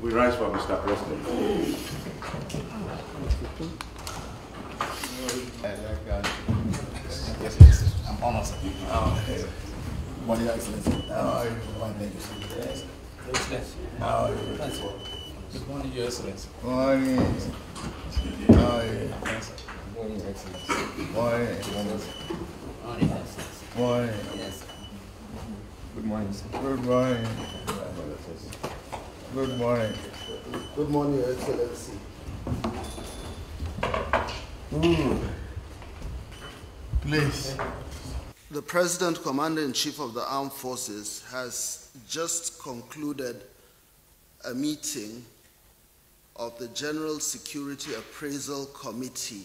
We rise while we stop resting. Yes, yes. I'm honest. Oh, okay. One your excellency. Oh, one thank Yes. Excellency. Good morning, your Morning. Oh, Good Morning, excellency. Morning. Morning, Morning. Yes. Good morning, Good morning. Good morning. Good morning, Your Excellency. Please. The President Commander in Chief of the Armed Forces has just concluded a meeting of the General Security Appraisal Committee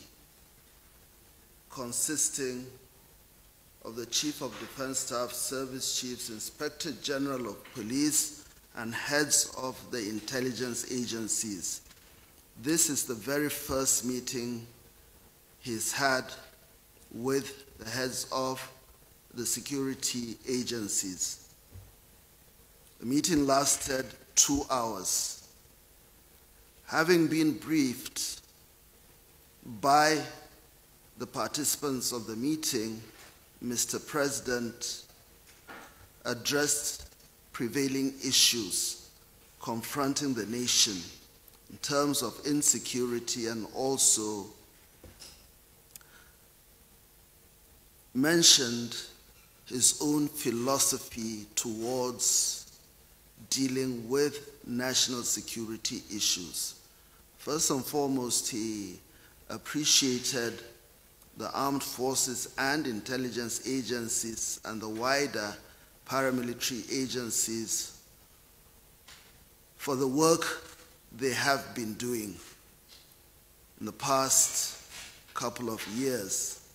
consisting of the Chief of Defense Staff, Service Chiefs, Inspector General of Police, and heads of the intelligence agencies. This is the very first meeting he's had with the heads of the security agencies. The meeting lasted two hours. Having been briefed by the participants of the meeting, Mr. President addressed prevailing issues confronting the nation in terms of insecurity and also mentioned his own philosophy towards dealing with national security issues. First and foremost, he appreciated the armed forces and intelligence agencies and the wider paramilitary agencies for the work they have been doing in the past couple of years.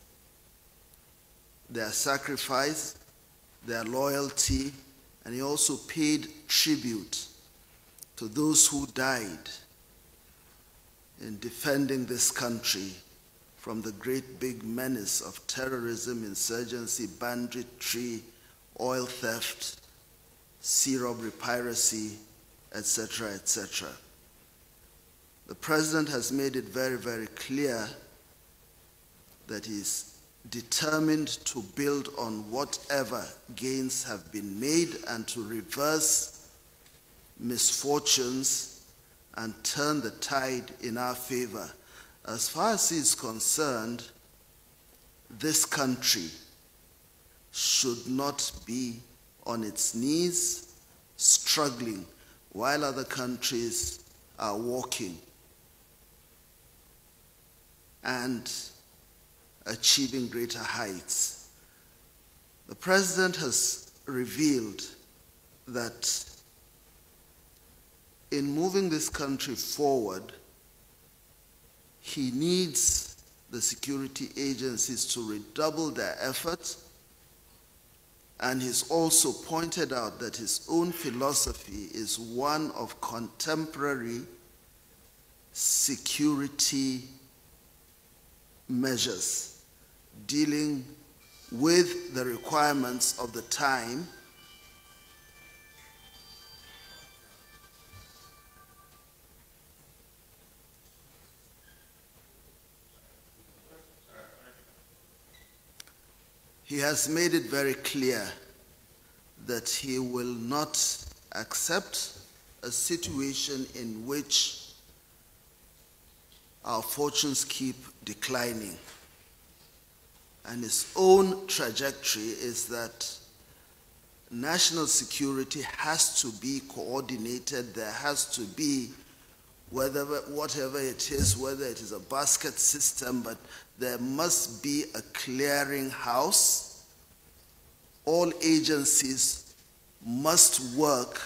Their sacrifice, their loyalty, and he also paid tribute to those who died in defending this country from the great big menace of terrorism, insurgency, banditry, oil theft, sea robbery, piracy, etc., etc. The president has made it very, very clear that he is determined to build on whatever gains have been made and to reverse misfortunes and turn the tide in our favor. As far as he is concerned, this country should not be on its knees struggling while other countries are walking and achieving greater heights. The president has revealed that in moving this country forward, he needs the security agencies to redouble their efforts and he's also pointed out that his own philosophy is one of contemporary security measures dealing with the requirements of the time he has made it very clear that he will not accept a situation in which our fortunes keep declining. And his own trajectory is that national security has to be coordinated, there has to be whether, whatever it is, whether it is a basket system, but there must be a clearinghouse. All agencies must work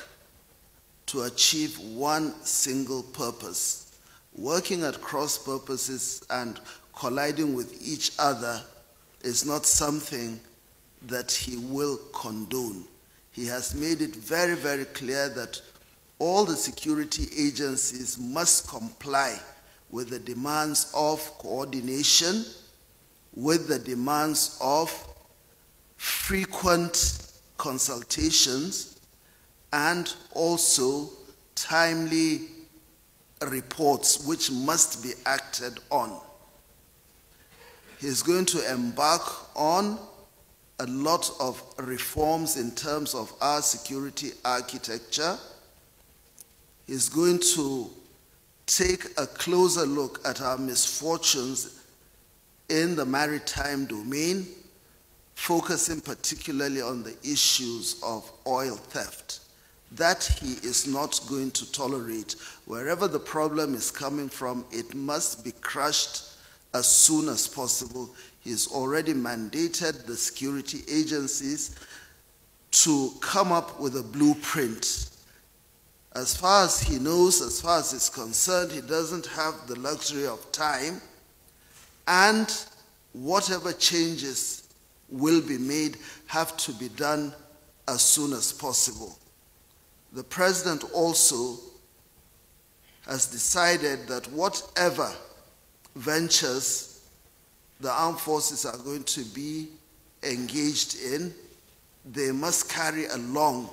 to achieve one single purpose. Working at cross purposes and colliding with each other is not something that he will condone. He has made it very, very clear that all the security agencies must comply with the demands of coordination, with the demands of frequent consultations, and also timely reports which must be acted on. He's going to embark on a lot of reforms in terms of our security architecture is going to take a closer look at our misfortunes in the maritime domain, focusing particularly on the issues of oil theft. That he is not going to tolerate. Wherever the problem is coming from, it must be crushed as soon as possible. He's already mandated the security agencies to come up with a blueprint as far as he knows, as far as he's concerned, he doesn't have the luxury of time. And whatever changes will be made have to be done as soon as possible. The president also has decided that whatever ventures the armed forces are going to be engaged in, they must carry along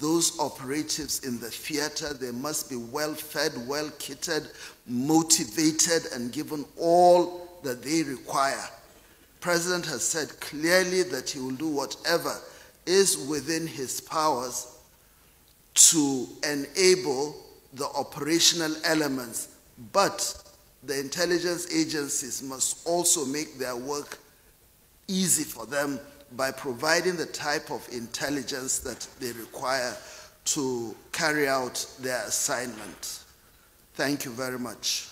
those operatives in the theater, they must be well fed, well kitted, motivated, and given all that they require. President has said clearly that he will do whatever is within his powers to enable the operational elements, but the intelligence agencies must also make their work easy for them by providing the type of intelligence that they require to carry out their assignment. Thank you very much.